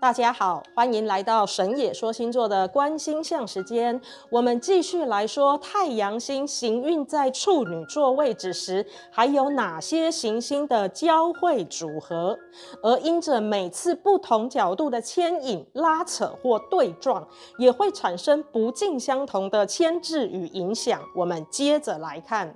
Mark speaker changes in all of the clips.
Speaker 1: 大家好，歡迎來到神野說星座的觀星象時間。我們繼續來說太陽星行運在處女座位置時，還有哪些行星的交匯組合，而因着每次不同角度的牽引，拉扯或對撞，也會產生不盡相同的牽制與影響。我們接着來看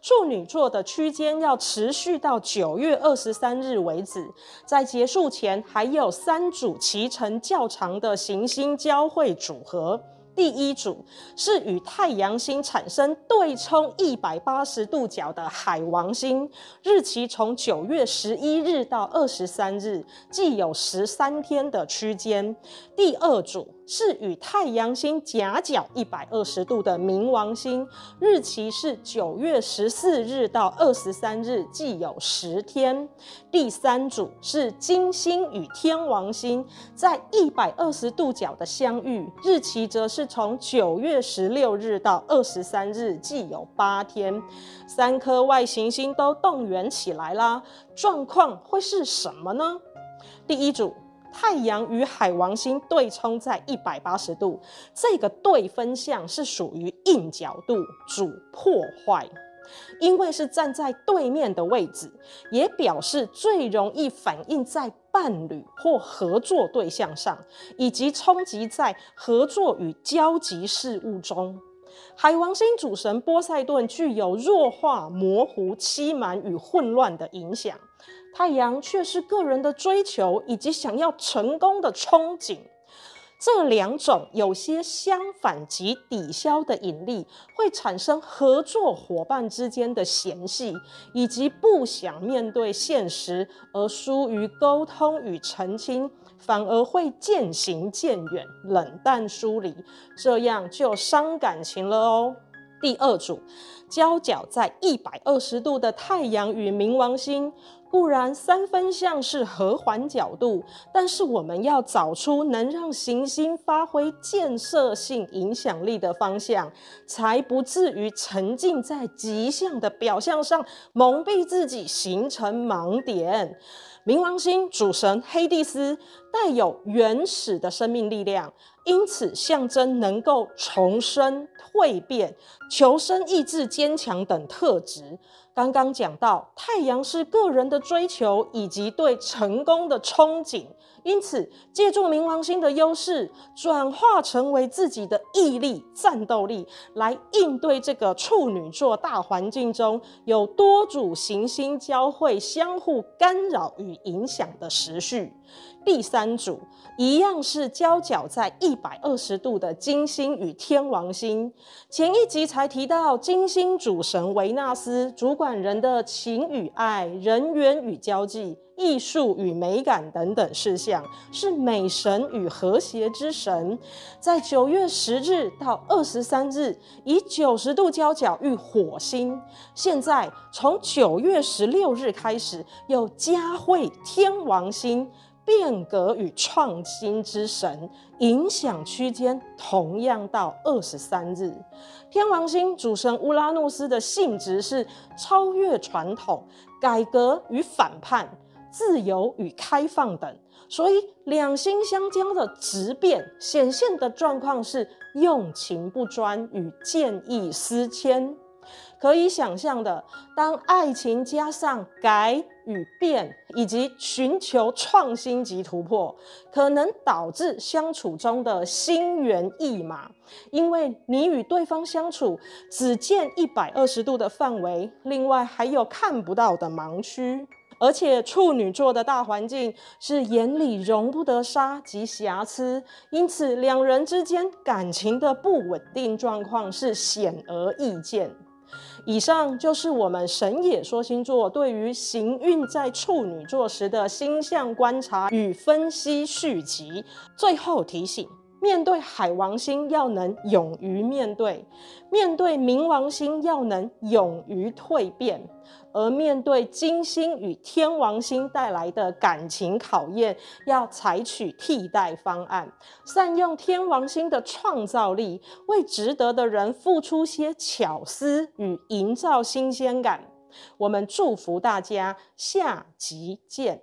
Speaker 1: 處女座的區間要持續到九月二十三日為止，在結束前還有三組。其成較長的行星交會組合，第一組是與太陽星產生對沖一百八十度角的海王星，日期從九月十一日到二十三日，既有十三天的區間。第二組。是與太陽星夾角一百二十度的冥王星，日期是九月十四日到二十三日，計有十天。第三組是金星與天王星在一百二十度角的相遇，日期則是從九月十六日到二十三日，計有八天。三顆外行星都動員起來啦，狀況會是什麼呢？第一組。太陽與海王星對沖在一百八十度，這個對分相是屬於硬角度主破壞，因為是站在對面的位置，也表示最容易反映在伴侶或合作對象上，以及衝擊在合作與交集事物中。海王星主神波塞頓具有弱化、模糊、欺瞞與混亂的影響，太陽卻是個人的追求以及想要成功的憧憬。這兩種有些相反及抵消的引力，會產生合作夥伴之間的嫌隙，以及不想面對現實而疏於溝通與澄清。反而會漸行漸遠，冷淡疏離，這樣就傷感情了哦。第二組。交角在一百二十度的太陽與冥王星，固然三分相是和緩角度，但是我們要找出能讓行星發揮建設性影響力的方向，才不至於沉浸在吉相的表象上蒙蔽自己，形成盲點。冥王星主神黑帝斯帶有原始的生命力量，因此象徵能夠重生、蛻變、求生意志。堅強等特質。剛剛講到太陽是個人的追求以及對成功的憧憬，因此借助冥王星的優勢，轉化成為自己的毅力、戰鬥力，來應對這個處女座大環境中有多組行星交會、相互干擾與影響的時序。第三組一樣是交角在一百二十度的金星與天王星。前一集才提到金星主神維納斯，主管人的情與愛、人緣與交際。藝術與美感等等事項，是美神與和諧之神，在九月十日到二十三日以九十度交角遇火星。現在從九月十六日開始，又交會天王星，變革與創新之神，影響區間同樣到二十三日。天王星主神烏拉諾斯的性質是超越傳統、改革與反叛。自由與開放等，所以兩心相交的質變顯現的狀況是用情不專與見異思遷。可以想象的，當愛情加上改與變，以及尋求創新及突破，可能導致相處中的心猿意馬，因為你與對方相處只見一百二十度的範圍，另外還有看不到的盲區。而且處女座的大環境是眼裡容不得沙及瑕疵，因此兩人之間感情的不穩定狀況是顯而易見。以上就是我們神野說星座對於行運在處女座時的星象觀察與分析續集，最後提醒。面對海王星，要能勇於面對；面對冥王星，要能勇於蛻變；而面對金星與天王星帶來的感情考驗，要採取替代方案，善用天王星的創造力，為值得的人付出些巧思與營造新鮮感。我們祝福大家，下集見。